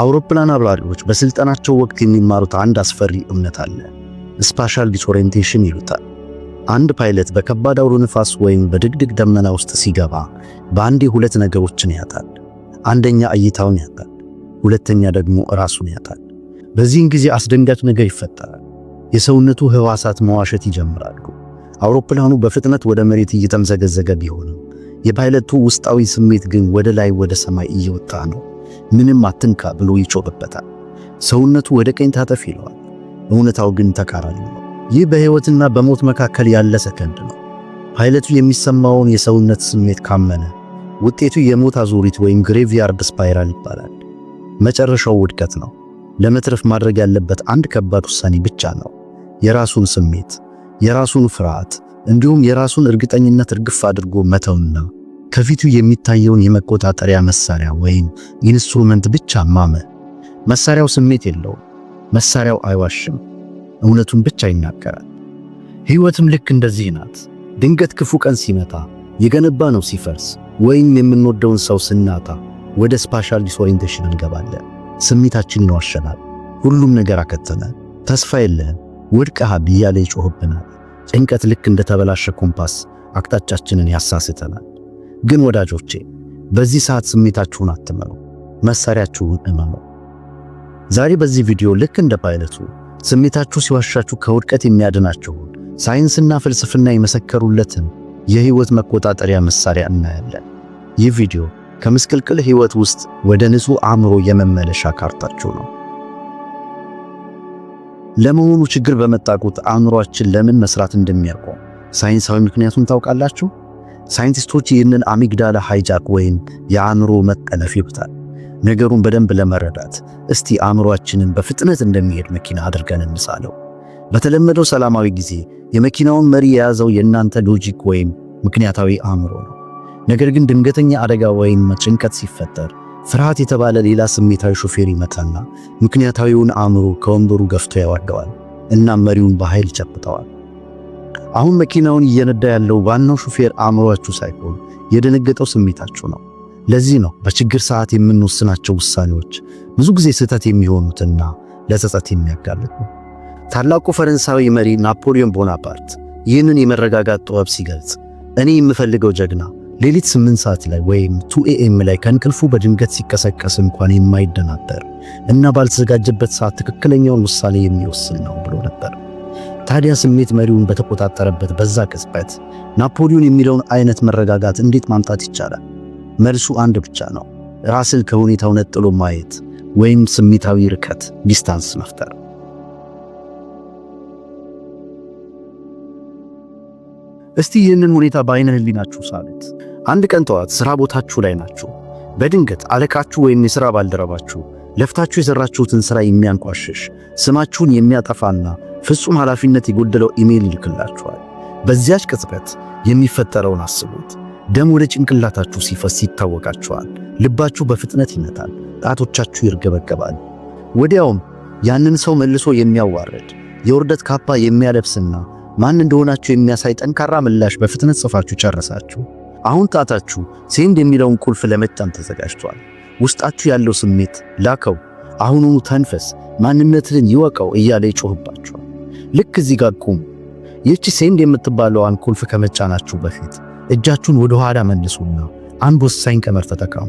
አውሮፕላን አብራሪዎች በስልጠናቸው ወቅት የሚማሩት አንድ አስፈሪ እምነት አለ። ስፓሻል ዲስኦሪንቴሽን ይሉታል። አንድ ፓይለት በከባድ አውሎ ነፋስ ወይም በድግድግ ደመና ውስጥ ሲገባ በአንዴ ሁለት ነገሮችን ያጣል። አንደኛ እይታውን ያጣል፣ ሁለተኛ ደግሞ ራሱን ያጣል። በዚህን ጊዜ አስደንጋጭ ነገር ይፈጠራል። የሰውነቱ ህዋሳት መዋሸት ይጀምራሉ። አውሮፕላኑ በፍጥነት ወደ መሬት እየተምዘገዘገ ቢሆንም የፓይለቱ ውስጣዊ ስሜት ግን ወደ ላይ ወደ ሰማይ እየወጣ ነው። ምንም አትንካ ብሎ ይጮህበታል። ሰውነቱ ወደ ቀኝ ታጠፍ ይለዋል። እውነታው ግን ተቃራኒ ነው። ይህ በሕይወትና በሞት መካከል ያለ ሰከንድ ነው። ፓይለቱ የሚሰማውን የሰውነት ስሜት ካመነ ውጤቱ የሞት አዙሪት ወይም ግሬቭያርድ ስፓይራል ይባላል። መጨረሻው ውድቀት ነው። ለመትረፍ ማድረግ ያለበት አንድ ከባድ ውሳኔ ብቻ ነው። የራሱን ስሜት፣ የራሱን ፍርሃት እንዲሁም የራሱን እርግጠኝነት እርግፍ አድርጎ መተውና ከፊቱ የሚታየውን የመቆጣጠሪያ መሳሪያ ወይም ኢንስትሩመንት ብቻ ማመ። መሳሪያው ስሜት የለውም። መሳሪያው አይዋሽም፣ እውነቱን ብቻ ይናገራል። ሕይወትም ልክ እንደዚህ ናት። ድንገት ክፉ ቀን ሲመጣ፣ የገነባ ነው ሲፈርስ፣ ወይም የምንወደውን ሰው ስናጣ ወደ ስፓሻል ዲስኦሪንቴሽን እንገባለን። ስሜታችን ይዋሸናል። ሁሉም ነገር አከተመ፣ ተስፋ የለህም፣ ወድቀሃል እያለ ይጮህብናል። ጭንቀት ልክ እንደ ተበላሸ ኮምፓስ አቅጣጫችንን ያሳስተናል። ግን ወዳጆቼ በዚህ ሰዓት ስሜታችሁን አትመሩ፣ መሳሪያችሁን እመኑ። ዛሬ በዚህ ቪዲዮ ልክ እንደ ፓይለቱ ስሜታችሁ ሲዋሻችሁ ከውድቀት የሚያድናችሁን ሳይንስና ፍልስፍና የመሰከሩለትን የህይወት መቆጣጠሪያ መሳሪያ እናያለን። ይህ ቪዲዮ ከምስቅልቅል ህይወት ውስጥ ወደ ንጹህ አእምሮ የመመለሻ ካርታችሁ ነው። ለመሆኑ ችግር በመጣ ቁጥር ለምን መስራት እንደሚያቆም ሳይንሳዊ ምክንያቱን ታውቃላችሁ? ሳይንቲስቶች ይህንን አሚግዳላ ሃይጃክ ወይም የአእምሮ መጠለፍ ይሉታል። ነገሩን በደንብ ለመረዳት እስቲ አእምሯችንን በፍጥነት እንደሚሄድ መኪና አድርገን እንሳለው። በተለመደው ሰላማዊ ጊዜ የመኪናውን መሪ የያዘው የእናንተ ሎጂክ ወይም ምክንያታዊ አእምሮ ነው። ነገር ግን ድንገተኛ አደጋ ወይም ጭንቀት ሲፈጠር ፍርሃት የተባለ ሌላ ስሜታዊ ሾፌር ይመታና ምክንያታዊውን አእምሮ ከወንበሩ ገፍቶ ያዋገዋል። እና መሪውን በኃይል ጨብጠዋል። አሁን መኪናውን እየነዳ ያለው ዋናው ሹፌር አእምሯችሁ ሳይሆን የደነገጠው ስሜታችሁ ነው። ለዚህ ነው በችግር ሰዓት የምንወስናቸው ውሳኔዎች ብዙ ጊዜ ስህተት የሚሆኑትና ለጸጸት የሚያጋልጡ። ታላቁ ፈረንሳዊ መሪ ናፖሊዮን ቦናፓርት ይህንን የመረጋጋት ጥበብ ሲገልጽ እኔ የምፈልገው ጀግና ሌሊት 8 ሰዓት ላይ ወይም 2 ኤኤም ላይ ከእንቅልፉ በድንገት ሲቀሰቀስ እንኳን የማይደናበር እና ባልተዘጋጀበት ሰዓት ትክክለኛውን ውሳኔ የሚወስን ነው ብሎ ነበር። ታዲያ ስሜት መሪውን በተቆጣጠረበት በዛ ቅጽበት ናፖሊዮን የሚለውን አይነት መረጋጋት እንዴት ማምጣት ይቻላል? መልሱ አንድ ብቻ ነው። ራስን ከሁኔታው ነጥሎ ማየት ወይም ስሜታዊ ርቀት ዲስታንስ መፍጠር። እስቲ ይህንን ሁኔታ በአይነ ህሊናችሁ ሳሉት። አንድ ቀን ጠዋት ሥራ ቦታችሁ ላይ ናችሁ። በድንገት አለቃችሁ ወይም የሥራ ባልደረባችሁ ለፍታችሁ የሠራችሁትን ሥራ የሚያንቋሽሽ ስማችሁን የሚያጠፋና ፍጹም ኃላፊነት የጎደለው ኢሜይል ይልክላችኋል። በዚያች ቅጽበት የሚፈጠረውን አስቡት። ደም ወደ ጭንቅላታችሁ ሲፈስ ይታወቃችኋል። ልባችሁ በፍጥነት ይመታል፣ ጣቶቻችሁ ይርገበገባል። ወዲያውም ያንን ሰው መልሶ የሚያዋርድ የውርደት ካባ የሚያለብስና ማን እንደሆናችሁ የሚያሳይ ጠንካራ ምላሽ በፍጥነት ጽፋችሁ ጨረሳችሁ። አሁን ጣታችሁ ሴንድ የሚለውን ቁልፍ ለመጫን ተዘጋጅቷል። ውስጣችሁ ያለው ስሜት ላከው፣ አሁኑኑ ተንፈስ፣ ማንነትን ይወቀው እያለ ይጮህባችኋል። ልክ እዚህ ጋር ቁሙ። ይህቺ ሴንድ የምትባለዋን ቁልፍ ከመጫናችሁ በፊት እጃችሁን ወደ ኋላ መልሱና አንድ ወሳኝ ቀመር ተጠቀሙ።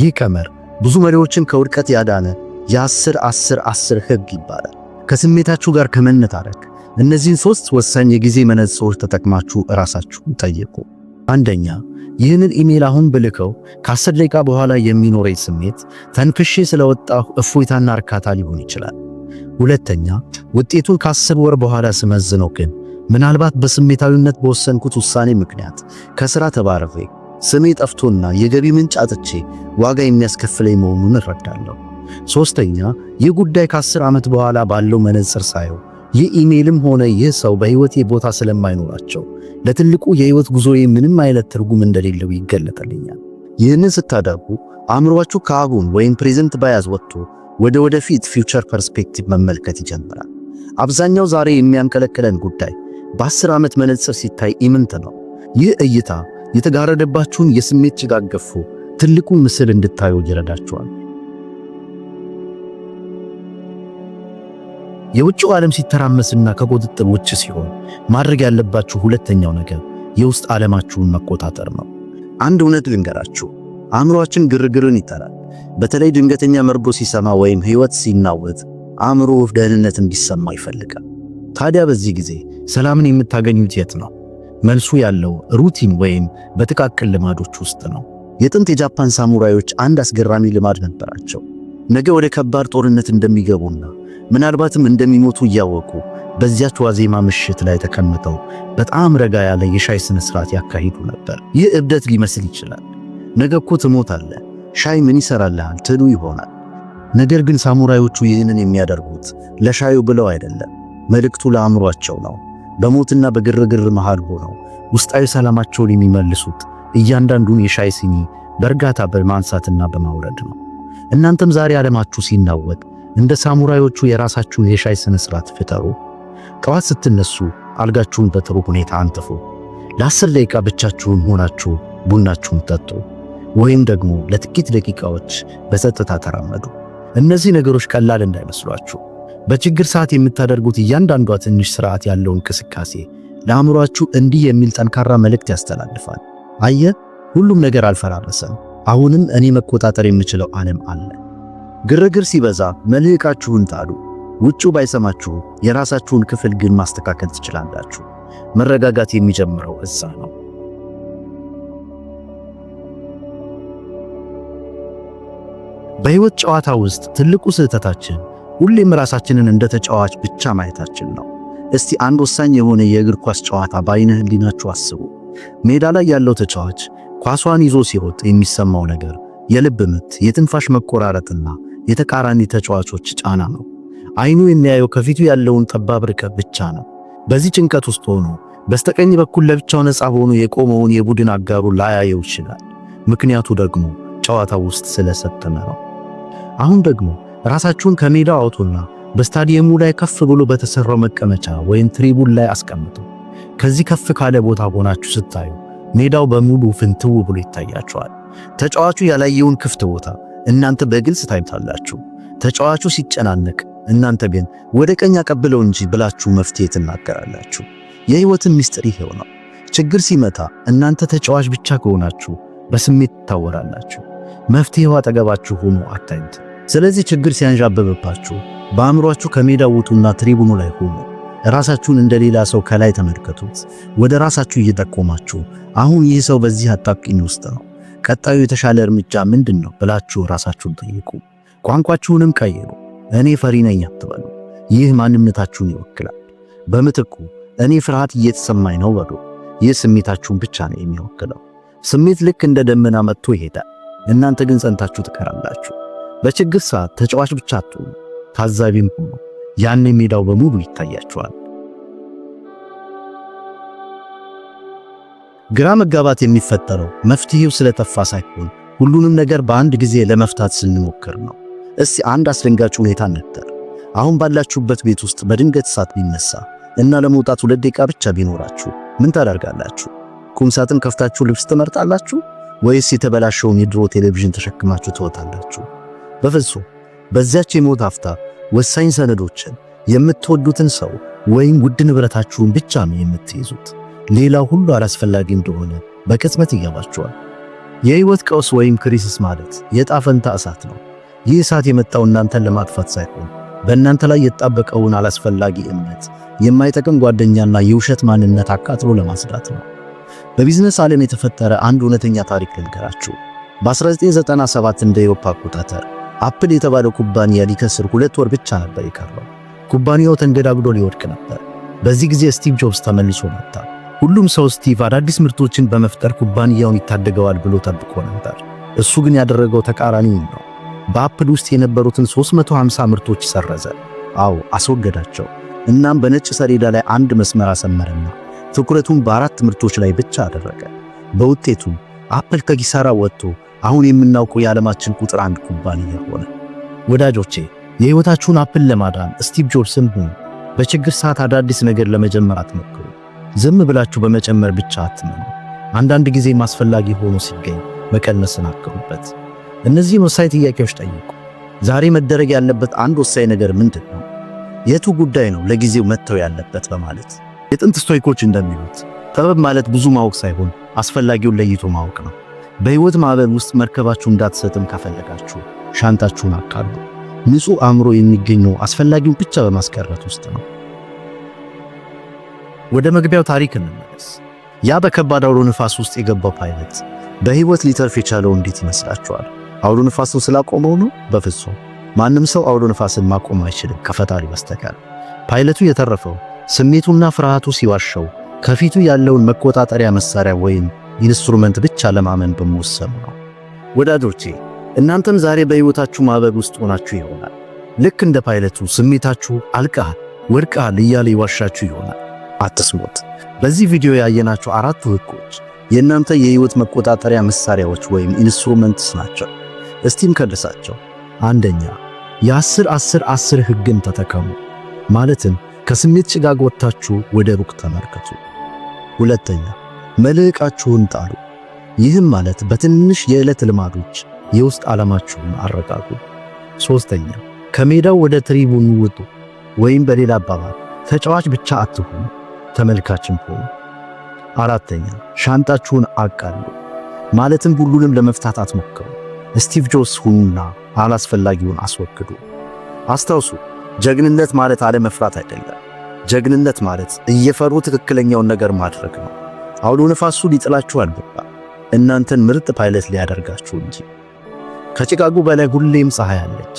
ይህ ቀመር ብዙ መሪዎችን ከውድቀት ያዳነ የአስር አስር አስር ህግ ይባላል። ከስሜታችሁ ጋር ከመነታረክ እነዚህን ሶስት ወሳኝ የጊዜ መነጽሮች ተጠቅማችሁ ራሳችሁን ጠይቁ። አንደኛ ይህንን ኢሜል አሁን ብልከው ከአስር ደቂቃ በኋላ የሚኖረኝ ስሜት ተንፍሼ ስለወጣሁ እፎይታና እርካታ ሊሆን ይችላል። ሁለተኛ ውጤቱን ከአስር ወር በኋላ ስመዝነው ግን ምናልባት በስሜታዊነት በወሰንኩት ውሳኔ ምክንያት ከሥራ ተባረፌ ስሜ ጠፍቶና የገቢ ምንጭ አጥቼ ዋጋ የሚያስከፍለኝ መሆኑን እረዳለሁ። ሦስተኛ ይህ ጉዳይ ከአስር ዓመት በኋላ ባለው መነጽር ሳየው ይህ ኢሜይልም ሆነ ይህ ሰው በሕይወቴ ቦታ ስለማይኖራቸው ለትልቁ የሕይወት ጉዞዬ ምንም አይነት ትርጉም እንደሌለው ይገለጠልኛል። ይህንን ስታደርጉ አእምሯችሁ ከአሁን ወይም ፕሬዘንት ባያዝ ወጥቶ ወደ ወደፊት ፊውቸር ፐርስፔክቲቭ መመልከት ይጀምራል። አብዛኛው ዛሬ የሚያንቀለቅለን ጉዳይ በአስር ዓመት መነጽር ሲታይ ኢምንት ነው። ይህ እይታ የተጋረደባችሁን የስሜት ጭጋግ ገፎ ትልቁን ምስል እንድታዩ ይረዳችኋል። የውጭው ዓለም ሲተራመስና ከቁጥጥር ውጭ ሲሆን ማድረግ ያለባችሁ ሁለተኛው ነገር የውስጥ ዓለማችሁን መቆጣጠር ነው። አንድ እውነት ልንገራችሁ፣ አእምሮአችን ግርግርን ይጠላል። በተለይ ድንገተኛ መርዶ ሲሰማ ወይም ህይወት ሲናወጥ አእምሮ ደህንነት እንዲሰማ ይፈልጋል። ታዲያ በዚህ ጊዜ ሰላምን የምታገኙት የት ነው? መልሱ ያለው ሩቲን ወይም በጥቃቅን ልማዶች ውስጥ ነው። የጥንት የጃፓን ሳሙራዮች አንድ አስገራሚ ልማድ ነበራቸው። ነገ ወደ ከባድ ጦርነት እንደሚገቡና ምናልባትም እንደሚሞቱ እያወቁ በዚያች ዋዜማ ምሽት ላይ ተቀምጠው በጣም ረጋ ያለ የሻይ ስነ ስርዓት ያካሂዱ ነበር። ይህ እብደት ሊመስል ይችላል። ነገ እኮ ትሞታለህ ሻይ ምን ይሰራልሃል ትሉ ይሆናል። ነገር ግን ሳሙራዮቹ ይህንን የሚያደርጉት ለሻዩ ብለው አይደለም። መልእክቱ ለአእምሯቸው ነው። በሞትና በግርግር መሃል ሆነው ውስጣዊ ሰላማቸውን የሚመልሱት እያንዳንዱን የሻይ ሲኒ በእርጋታ በማንሳትና በማውረድ ነው። እናንተም ዛሬ ዓለማችሁ ሲናወጥ እንደ ሳሙራዮቹ የራሳችሁን የሻይ ሥነ ሥርዓት ፍጠሩ። ጠዋት ስትነሱ አልጋችሁን በጥሩ ሁኔታ አንጥፉ። ለአስር ደቂቃ ብቻችሁን ሆናችሁ ቡናችሁን ጠጡ። ወይም ደግሞ ለጥቂት ደቂቃዎች በጸጥታ ተራመዱ። እነዚህ ነገሮች ቀላል እንዳይመስሏችሁ። በችግር ሰዓት የምታደርጉት እያንዳንዷ ትንሽ ስርዓት ያለው እንቅስቃሴ ለአእምሯችሁ እንዲህ የሚል ጠንካራ መልእክት ያስተላልፋል። አየ፣ ሁሉም ነገር አልፈራረሰም። አሁንም እኔ መቆጣጠር የምችለው ዓለም አለ። ግርግር ሲበዛ መልህቃችሁን ጣሉ። ውጪው ባይሰማችሁ የራሳችሁን ክፍል ግን ማስተካከል ትችላላችሁ። መረጋጋት የሚጀምረው እዛ ነው። በሕይወት ጨዋታ ውስጥ ትልቁ ስህተታችን ሁሌም ራሳችንን እንደ ተጫዋች ብቻ ማየታችን ነው። እስቲ አንድ ወሳኝ የሆነ የእግር ኳስ ጨዋታ በአይነ ህሊናችሁ አስቡ። ሜዳ ላይ ያለው ተጫዋች ኳሷን ይዞ ሲወጥ የሚሰማው ነገር የልብ ምት፣ የትንፋሽ መቆራረጥና የተቃራኒ ተጫዋቾች ጫና ነው። አይኑ የሚያየው ከፊቱ ያለውን ጠባብ ርቀት ብቻ ነው። በዚህ ጭንቀት ውስጥ ሆኖ በስተቀኝ በኩል ለብቻው ነፃ ሆኖ የቆመውን የቡድን አጋሩ ላያየው ይችላል። ምክንያቱ ደግሞ ጨዋታው ውስጥ ስለሰጠመ ነው። አሁን ደግሞ ራሳችሁን ከሜዳ አውጡና በስታዲየሙ ላይ ከፍ ብሎ በተሰራው መቀመጫ ወይም ትሪቡን ላይ አስቀምጡ። ከዚህ ከፍ ካለ ቦታ ሆናችሁ ስታዩ ሜዳው በሙሉ ፍንትው ብሎ ይታያችኋል። ተጫዋቹ ያላየውን ክፍት ቦታ እናንተ በግልጽ ታይታላችሁ። ተጫዋቹ ሲጨናነቅ፣ እናንተ ግን ወደ ቀኝ አቀብለው እንጂ ብላችሁ መፍትሄ ትናገራላችሁ። የህይወትን ምስጢር ይሄው ነው። ችግር ሲመጣ እናንተ ተጫዋች ብቻ ከሆናችሁ በስሜት ትታወራላችሁ። መፍትሄው አጠገባችሁ ሆኖ አታዩት። ስለዚህ ችግር ሲያንዣበብባችሁ በአእምሯችሁ ከሜዳ ውጡና ትሪቡኑ ላይ ሁኑ። ራሳችሁን እንደ ሌላ ሰው ከላይ ተመልከቱት። ወደ ራሳችሁ እየጠቆማችሁ አሁን ይህ ሰው በዚህ አጣብቂኝ ውስጥ ነው፣ ቀጣዩ የተሻለ እርምጃ ምንድን ነው ብላችሁ ራሳችሁን ጠይቁ። ቋንቋችሁንም ቀይሩ። እኔ ፈሪ ነኝ አትበሉ። ይህ ማንነታችሁን ይወክላል። በምትኩ እኔ ፍርሃት እየተሰማኝ ነው በሉ። ይህ ስሜታችሁን ብቻ ነው የሚወክለው። ስሜት ልክ እንደ ደመና መጥቶ ይሄዳል። እናንተ ግን ጸንታችሁ ትከራላችሁ። በችግር ሰዓት ተጫዋች ብቻ አትሆኑ፣ ታዛቢም ሆኑ። ያን ሜዳው በሙሉ ይታያቸዋል። ግራ መጋባት የሚፈጠረው መፍትሄው ስለጠፋ ሳይሆን ሁሉንም ነገር በአንድ ጊዜ ለመፍታት ስንሞክር ነው። እስቲ አንድ አስደንጋጭ ሁኔታ ነበር። አሁን ባላችሁበት ቤት ውስጥ በድንገት እሳት ቢነሳ እና ለመውጣት ሁለት ደቂቃ ብቻ ቢኖራችሁ ምን ታደርጋላችሁ? ቁም ሳጥን ከፍታችሁ ልብስ ትመርጣላችሁ ወይስ የተበላሸውን የድሮ ቴሌቪዥን ተሸክማችሁ ትወጣላችሁ? በፍጹም። በዚያች የሞት አፍታ ወሳኝ ሰነዶችን፣ የምትወዱትን ሰው ወይም ውድ ንብረታችሁን ብቻ ነው የምትይዙት። ሌላ ሁሉ አላስፈላጊ እንደሆነ በቅጽበት ይገባችኋል። የሕይወት ቀውስ ወይም ክሪሲስ ማለት የጣፈንታ እሳት ነው። ይህ እሳት የመጣው እናንተን ለማጥፋት ሳይሆን በእናንተ ላይ የጣበቀውን አላስፈላጊ እምነት፣ የማይጠቅም ጓደኛና የውሸት ማንነት አቃጥሎ ለማጽዳት ነው። በቢዝነስ ዓለም የተፈጠረ አንድ እውነተኛ ታሪክ ልንገራችሁ። በ1997 እንደ ኤሮፓ አቆጣጠር አፕል የተባለው ኩባንያ ሊከስር ሁለት ወር ብቻ ነበር የቀረው። ኩባንያው ተንገዳግዶ ሊወድቅ ነበር። በዚህ ጊዜ ስቲቭ ጆብስ ተመልሶ መጣ። ሁሉም ሰው ስቲቭ አዳዲስ ምርቶችን በመፍጠር ኩባንያውን ይታደገዋል ብሎ ጠብቆ ነበር። እሱ ግን ያደረገው ተቃራኒው ነው። በአፕል ውስጥ የነበሩትን 350 ምርቶች ሰረዘ። አዎ አስወገዳቸው። እናም በነጭ ሰሌዳ ላይ አንድ መስመር አሰመረና ትኩረቱን በአራት ምርቶች ላይ ብቻ አደረገ። በውጤቱም አፕል ከኪሳራ ወጥቶ አሁን የምናውቀው የዓለማችን ቁጥር አንድ ኩባንያ ሆነ። ወዳጆቼ የሕይወታችሁን አፕል ለማዳን ስቲቭ ጆብስን ሁኑ። በችግር ሰዓት አዳዲስ ነገር ለመጀመር አትሞክሩ። ዝም ብላችሁ በመጨመር ብቻ አትመኑ። አንዳንድ ጊዜ ማስፈላጊ ሆኖ ሲገኝ መቀነስን አክሩበት። እነዚህ ወሳኝ ጥያቄዎች ጠይቁ። ዛሬ መደረግ ያለበት አንድ ወሳኝ ነገር ምንድን ነው? የቱ ጉዳይ ነው ለጊዜው መተው ያለበት? በማለት የጥንት ስቶይኮች እንደሚሉት ጥበብ ማለት ብዙ ማወቅ ሳይሆን አስፈላጊውን ለይቶ ማወቅ ነው። በህይወት ማዕበል ውስጥ መርከባችሁ እንዳትሰጥም ከፈለጋችሁ ሻንጣችሁን አቃሉ። ንጹህ አእምሮ የሚገኘው አስፈላጊውን ብቻ በማስቀረት ውስጥ ነው። ወደ መግቢያው ታሪክ እንመለስ። ያ በከባድ አውሎ ነፋስ ውስጥ የገባው ፓይለት በህይወት ሊተርፍ የቻለው እንዴት ይመስላችኋል? አውሎ ነፋሱን ስላቆመው ነው? በፍጹም። ማንም ሰው አውሎ ነፋስን ማቆም አይችልም ከፈጣሪ በስተቀር። ፓይለቱ የተረፈው ስሜቱና ፍርሃቱ ሲዋሸው ከፊቱ ያለውን መቆጣጠሪያ መሳሪያ ወይም ኢንስትሩመንት ብቻ ለማመን በመወሰኑ ነው። ወዳጆቼ እናንተም ዛሬ በሕይወታችሁ ማዕበል ውስጥ ሆናችሁ ይሆናል። ልክ እንደ ፓይለቱ ስሜታችሁ አልቀሃል፣ ወድቀሃል እያለ ይዋሻችሁ ይሆናል። አትስሙት። በዚህ ቪዲዮ ያየናቸው አራቱ ህጎች የእናንተ የሕይወት መቆጣጠሪያ መሳሪያዎች ወይም ኢንስትሩመንትስ ናቸው። እስቲም ከልሳቸው። አንደኛ የአስር አስር አስር ህግን ተጠቀሙ። ማለትም ከስሜት ጭጋግ ወጥታችሁ ወደ ሩቅ ተመልከቱ። ሁለተኛ መልሕቃችሁን ጣሉ። ይህም ማለት በትንሽ የዕለት ልማዶች የውስጥ ዓላማችሁን አረጋጉ። ሶስተኛ ከሜዳው ወደ ትሪቡን ውጡ፣ ወይም በሌላ አባባል ተጫዋች ብቻ አትሁኑ፣ ተመልካችም ሆኑ። አራተኛ ሻንጣችሁን አቃሉ፣ ማለትም ሁሉንም ለመፍታት አትሞክሩ። ስቲቭ ጆብስ ሁኑና አላስፈላጊውን አስወግዱ። አስታውሱ፣ ጀግንነት ማለት አለመፍራት አይደለም። ጀግንነት ማለት እየፈሩ ትክክለኛውን ነገር ማድረግ ነው። አውሎ ነፋሱ ሊጥላችሁ አልበቃ እናንተን ምርጥ ፓይለት ሊያደርጋችሁ እንጂ። ከቺካጎ በላይ ሁሌም ፀሐይ አለች።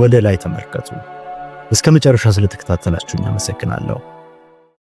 ወደ ላይ ተመልከቱ። እስከ መጨረሻ ስለተከታተላችሁኝ አመሰግናለሁ።